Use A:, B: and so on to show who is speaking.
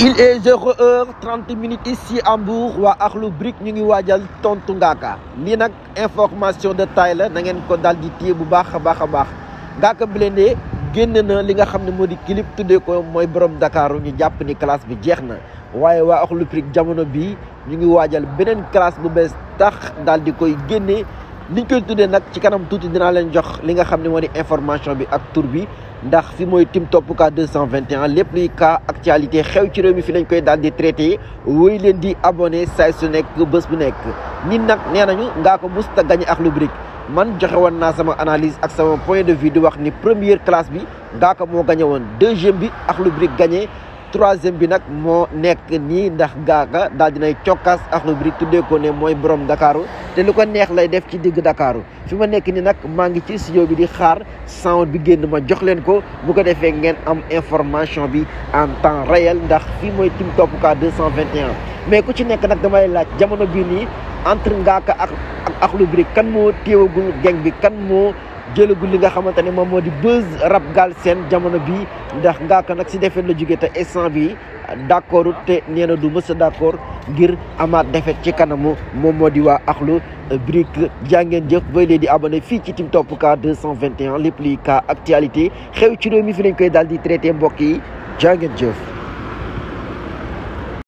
A: il est zéro heure trente minutes ici à waa Akhlou Brick ñu ngi waajal tontu Ngaaka lii nag information de taille la na ngeen ko daal di téye bu baax a baax a baax Ngaaka de génn na li nga xam ne moo di kilip tuddee ko mooy borom Dakaaru ñu jàpp ni classe bi jeex na waaye waa Akhlou Brick jamono bii ñu ngi waajal beneen classe bu bees tax daal di koy génne niñ koy tuddee nag ci kanam tuuti dinaa leen jox li nga xam ne moo di information bi ak tur bi ndax fi mooy Tim Top Cas 221 lépp luy cas actualité xew ci réew mi fi lañ koy daal di traité woy leen di abonné saay su nekk bés bu nekk nit nag nee nañu ngaa ko musta gañe ak lubrique man joxe woon naa sama analyse ak sama point de vue di wax ni première classe bi ngaa ko moo gañe woon deuxième bi ak lubrique gañe troisième bi nag moo nekk nii ndax gaaka daal dinay cokkaas Akhlou Brick tuddee ko ne mooy boroom Dakaaru te lu ko neex lay def ci digg Dakaaru fi ma nekk ni nag maa ngi ci studio bi di xaar sound bi génn ma jox leen ko bu ko defee ngeen am information bi en temps réel ndax fii mooy Team Top Cas 221 mais ku ci nekk nag damay laaj jamono bii nii entre ngaaka ak Akhlou Brick kan moo téewagul geng bi kan moo jëlagul li nga xamante ne moom moo di buzz rap Galsen jamono bi ndax Ngaaka nag si defet la jóge te bi d'accord te nee du mës a d'accord ngir amaat defet ci kanamu moom moo di waa Akhlou Brick jàngeen jëf bay leen di abonné fii ci Tim cent vingt 221 lépp luy cas actualité xew ci réew mi fi lañ koy daal di traité mbokk yi jàngeen jëf